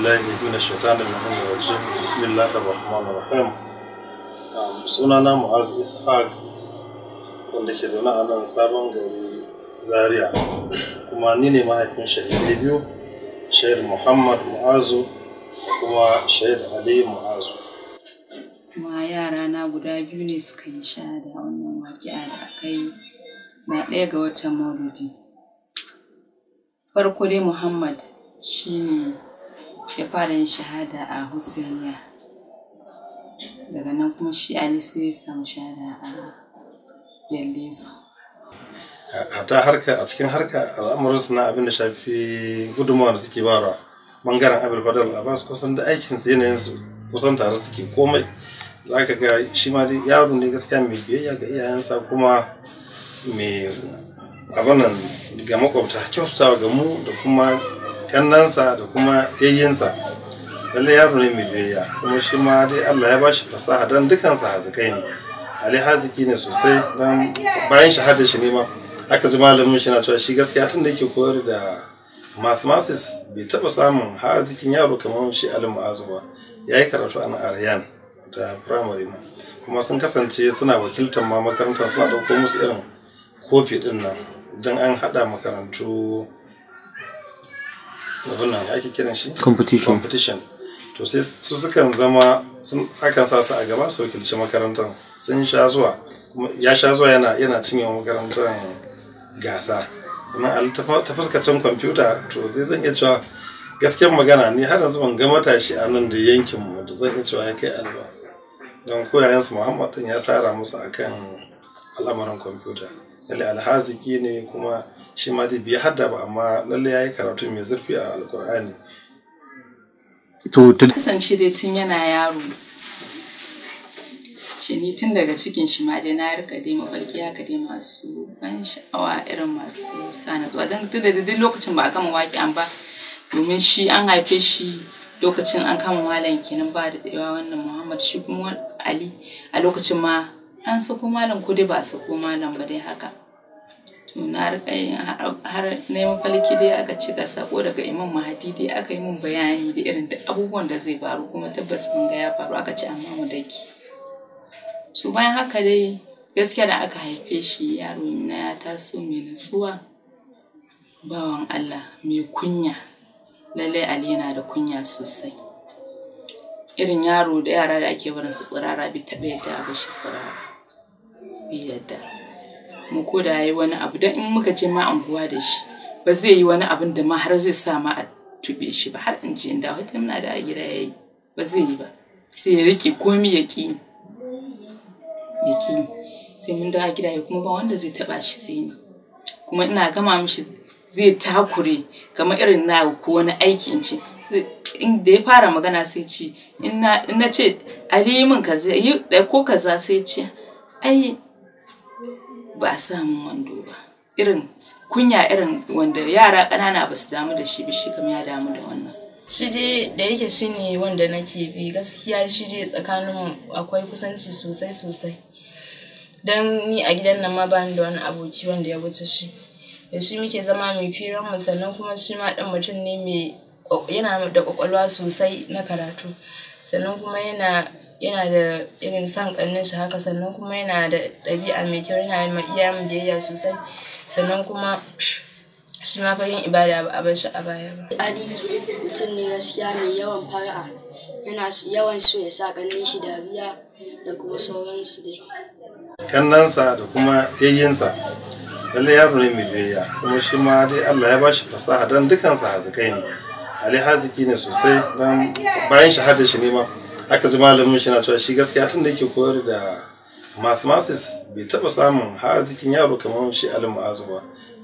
Allahi bin shaitanin mahimmin rajim bismillah da rahman ar-rahim um, sunana mu'az ishaq wanda ke zaune a nan sabon gari zaria kuma ni ne mahaifin shahidai biyu shahid muhammad mu'azu kuma shahid ali mu'azu kuma yara na guda biyu ne suka yi shahada wannan waƙi'a da aka yi na ɗaya ga watan mauludi farko dai muhammad shine ya fara yin shahada a Hussainiya. Daga nan kuma shi Ali sai ya samu shahada a Yallesu. Hata harka a cikin harka al'amuransu na abin da shafi gudunmawa da suke bara bangaren abin Fadal abbas kusan da yanayin yanayinsu kusan tare suke komai za ka ga shi ma yaro ne gaskiya mai biyayya ga iyayensa kuma mai abinan ga makwabta kyautawa ga mu da kuma kannansa da kuma yayyinsa lallai yaro ne mai biyayya kuma shi ma dai Allah ya bashi fasaha don sa hazikai ne ali haziki ne sosai don bayan shahadar shi ne ma aka ji malamin shi na cewa shi gaskiya tun da yake koyar da mathematics bai taba samun hazikin yaro kamar shi ali mu'azu ba ya karatu a aryan da primary ma. kuma sun kasance suna wakiltar ma makarantar suna ɗauko musu irin kofi ɗin nan don an haɗa makarantu wannan ya ake kiran shi competition competition to sai su sukan zama sun akan sa su a gaba su wakilci makarantar sun sha zuwa ya sha zuwa yana yana cinye makarantar gasa sannan a ta fuskacin kwamfuta to zai zan iya cewa gaskiyar magana ni har yanzu ban ga matashi a nan da yankin mu da zan iya cewa ya kai alba don koyayen su muhammad ya sara musu akan al'amarin kwamfuta ali alhaziki ne kuma shi ma dai bai hadda ba amma lallai ya yi karatu mai zurfi a alkur'ani to kasance dai tun yana yaro shi ni tun daga cikin shi ma dai na rika dai mafarki haka dai masu ban sha'awa irin masu sa zuwa? don tun da lokacin ba a gama waƙi an ba domin shi an haife shi lokacin an kama malam kenan ba da daewa wannan muhammad shi kuma ali a lokacin ma an sako malam ko dai ba a sako malam ba dai haka to na yin har neman falki dai aka ci ga sako daga imam mahadi dai aka yi mun bayani da irin da abubuwan da zai faru kuma tabbas mun ga ya faru aka ci amma mu daki so bayan haka dai gaskiya da aka haife shi yaro na ya taso mai nutsuwa bawan Allah mai kunya lallai Ali yana da kunya sosai irin yaro da yara da ake barin su tsirara bi taɓa yadda abu shi tsirara bi yadda mu ko da yayi wani abu dan in muka ce ma anguwa da shi ba zai yi wani abin da ma har zai sa ma a tube shi ba har in ji inda wata muna da a gida yayi ba zai yi ba sai ya rike komi ya ki ya ki sai mun da gida ya kuma ba wanda zai taba shi sai ni kuma ina gama mishi zai takure kamar irin na ko wani aiki in da ya fara magana sai ce in na ce ali kaza ko kaza sai ce ai ba a samun wando ba irin kunya irin wanda yara ƙanana ba su damu da shi ba shi ya damu da wannan shi dai da yake shi ne wanda nake bi gaskiya shi dai tsakanin akwai kusanci sosai sosai don ni a gidan nan ma bani da wani aboki wanda ya wuce shi da shi muke zama mai firan mu sannan kuma shi ma ɗan mutum ne mai yana da kwakwalwa sosai na karatu sannan kuma yana yana da irin son kannin shi haka sannan kuma yana da ɗabi'a mai kyau yana ma mu biyayya sosai sannan kuma shi ma fa yin ibada ba a bar shi a baya ba ali mutum ne gaskiya mai yawan fara'a yana yawan so ya sa kannin shi dariya da kuma sauransu dai kannansa da kuma yayyinsa lallai yaro ne mai biyayya kuma shi ma dai Allah ya bashi fasaha don dukansa hazikai ne ali haziki ne sosai don bayan shahadar shi ne ma aka ji malamin shi na cewa shi gaskiya tun da yake koyar da masis bai taba samun hazikin yaro kamar shi alim ba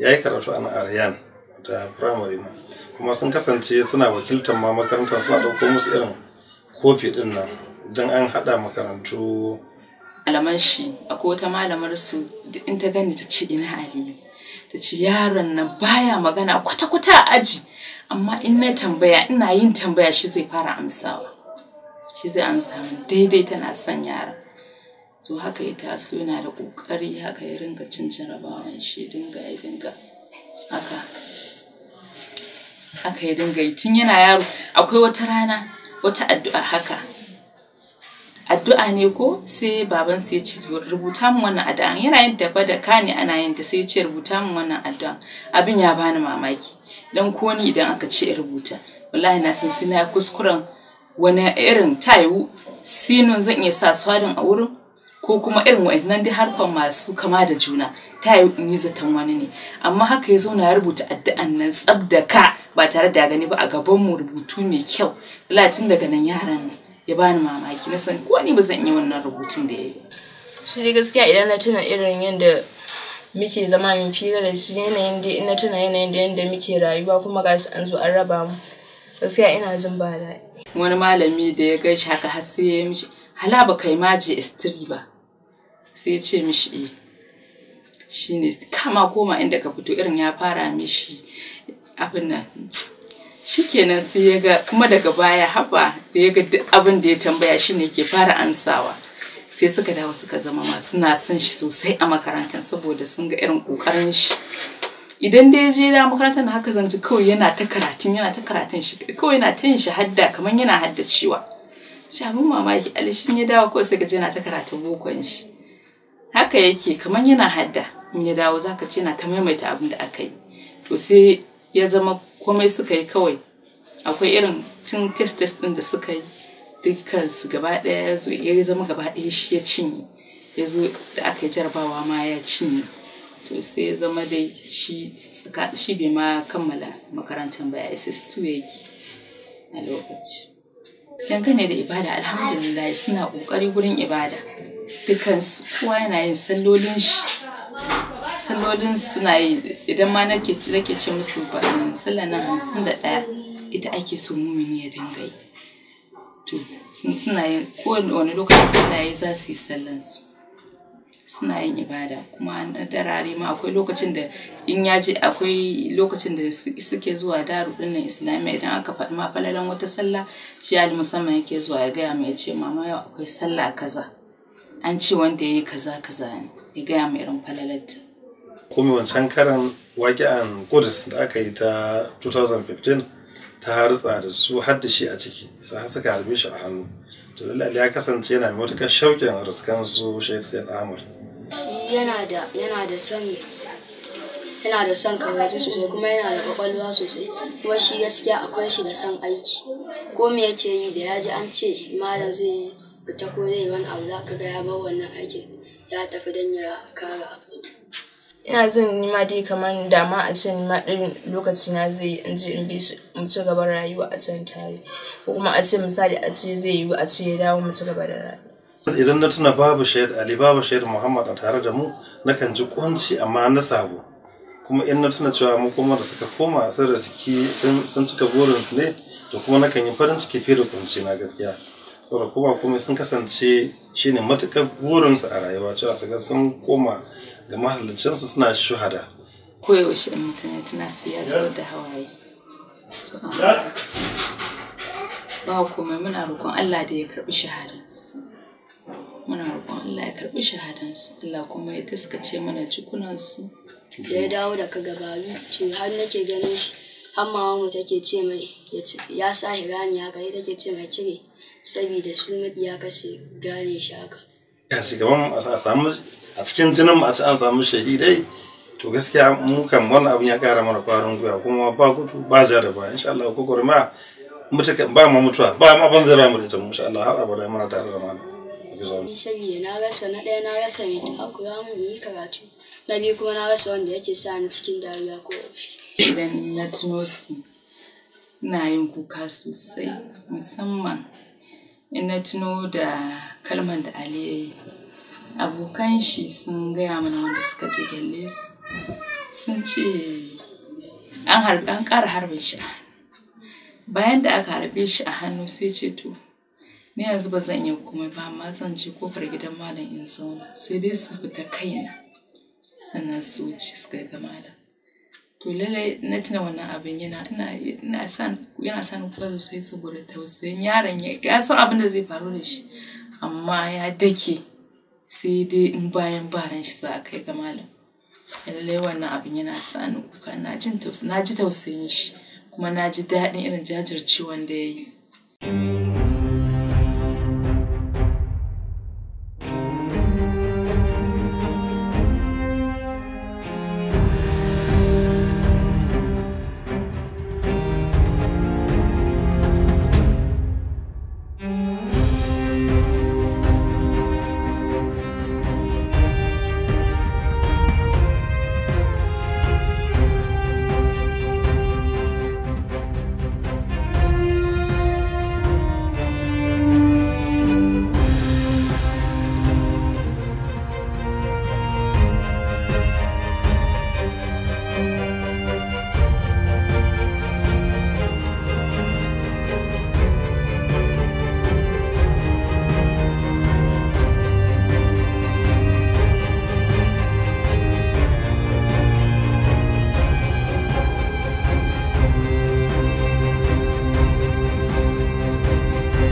ya yi karatu a aryan da primary nan kuma sun kasance suna wakiltar ma makarantar suna ɗauko musu irin kofi ɗin nan don an haɗa makarantu malaman shi akwai wata malamar su in ta gani ta ce ina aliyu ta ce yaron nan baya magana kwata-kwata a aji amma in na tambaya ina yin tambaya shi zai fara amsawa shi zai amsa min daidai tana son yaron so haka ya taso yana da kokari haka ya ringa cin jarabawan shi dinga ya dinga haka haka ya dinga tun yana yaro akwai wata rana wata addu'a haka addu'a ne ko sai baban sai ya ce rubuta min wannan addu'a yana yin dafa da ka ana yin ta sai rubuta min wannan addu'a abin ya bani mamaki dan ko ni idan aka ce rubuta wallahi na san sina kuskuren wani irin tayu sinun zan iya sa swadin a wurin ko kuma irin wa'annan dai harfan masu kama da juna ta yi in yi zaton wani ne amma haka ya zauna ya rubuta addu'an nan tsab ba tare da gani ba a gaban mu rubutu mai kyau latin daga nan yaran ne. ya bani mamaki na san ko ni ba zan yi wannan rubutun da ya yi shi dai gaskiya idan na tuna irin yadda muke zama min fira da shi yanayin da ina tuna yanayin da yanda muke rayuwa kuma gashi an zo an raba mu gaskiya ina jin ba daɗi wani malami da ya gaishe haka har sai ya mishi hala ba kai ma je istiri ba sai ya ce mishi eh shine kama koma inda ka fito irin ya fara mishi abin nan shikenan sai ya ga kuma daga baya haba da ya ga duk abin da ya tambaya shi ne ke fara amsawa sai suka dawo suka zama ma suna son shi sosai a makarantar saboda sun ga irin kokarin shi idan da ya je da makarantar haka zanci kawai yana ta karatun yana ta karatun shi kawai yana ta yin shi hadda kamar yana haddacewa shi abin mamaki alishin ya dawo kawai sai ga yana ta karatun bokon shi haka yake kamar yana hadda in ya dawo zaka ce yana ta maimaita abin da aka yi to sai ya zama komai suka yi kawai akwai irin tun test test ɗin da suka yi dukkan su gaba ɗaya ya zama gaba ɗaya shi ya cinye ya zo da aka yi jarabawa ma ya cinye to sai ya zama dai shi shi bai ma kammala makarantar ba ss2 yake a lokaci dangane da ibada alhamdulillah suna kokari gurin ibada dukansu kowa yana yin sallolin shi salolin suna yi idan ma nake nake ce musu sallah na hamsin da ɗaya ita ake so mumini ya dinga yi to suna yin kowane lokacin suna yi za su yi sallan su suna yin ibada kuma na darare ma akwai lokacin da in ya je akwai lokacin da suke zuwa daru nan islamiyya idan aka faɗi ma falalan wata sallah shi ali musamman yake zuwa ya gaya mai ce mama yau akwai sallah kaza an ce wanda ya yi kaza kaza ne ya gaya mai irin falalarta kuma wancan karan waƙi'an Kudus da aka yi ta 2015 ta harutsa da su har da shi a ciki sa har suka harbe shi a hannu to lallai ya kasance yana mai matuƙar shauƙin ruskan su shi yana da son yana sosai kuma yana da kwakwalwa sosai kuma shi gaskiya akwai shi da son aiki ko me yake yi da ya ji an ce malam zai fita ko zai yi wani abu za ka ga ya bar wannan aikin ya tafi don ya kara abu ina jin ma dai kamar da ma a ce ma ɗin lokaci na zai in je in bi shi mu ci gaba rayuwa a can tare ko kuma a ce misali a ce zai yiwu a ce ya dawo mu ci gaba da rayuwa. idan na tuna babu shahid ali babu shahid muhammad a tare da mu nakan ji kunci amma na sabo kuma in na tuna cewa mu kuma da suka koma sai da sun cika burinsu ne da kuma nakan yi farin ciki fiye da kunci na gaskiya. saboda kuma kuma sun kasance shi ne matukar burinsu a rayuwa cewa su ga sun koma ga mahalicinsu suna shuhada koyaushe in mutane tana siya zubar da hawaye so ba komai muna roƙon Allah da ya karɓi shahadansu muna roƙon Allah ya karɓi shahadansu Allah kuma ya taskace mana jikunansu ya dawo da gabari ce har nake ganin shi har mawa mu take ce mai ya sa hirani haka ita take ce mai cire saboda su maƙiya ka su gane shi haka ya shugaban a samu a cikin jinin mu a an samu shahidai to gaskiya mu kan wannan abin ya kara mana kwarin gwiwa kuma ba gudu ba za da ba insha Allah ko gurma mutaka ba mu mutuwa ba ma ban zira mu da ita insha Allah har abada mana tare da mana saboda na rasa na ɗaya na rasa mai takura mun yi karatu na biyu kuma na rasa wanda yake sa ni cikin dariya ko idan na tuno su ina yin kuka sosai musamman in na tuno da kalman da ali ya yi abokan shi sun gaya mana wanda suka je gyalle su sun ce an ƙara harbe shi a bayan da aka harbe shi a hannu sai ce to ni yanzu ba zan iya komai ba amma zan je kofar gidan malam in zauna sai dai su fita kaina sannan su wuce su ga malam to lallai na tuna wannan abin yana ina san yana kuka sosai saboda tausayin yaron ya ya san abin da zai faru da shi amma ya dake sai dai in bayan baran shi za a kai ga malam lallai wannan abin yana san kuka na ji tausayin shi kuma na ji daɗin irin jajircewan da ya yi.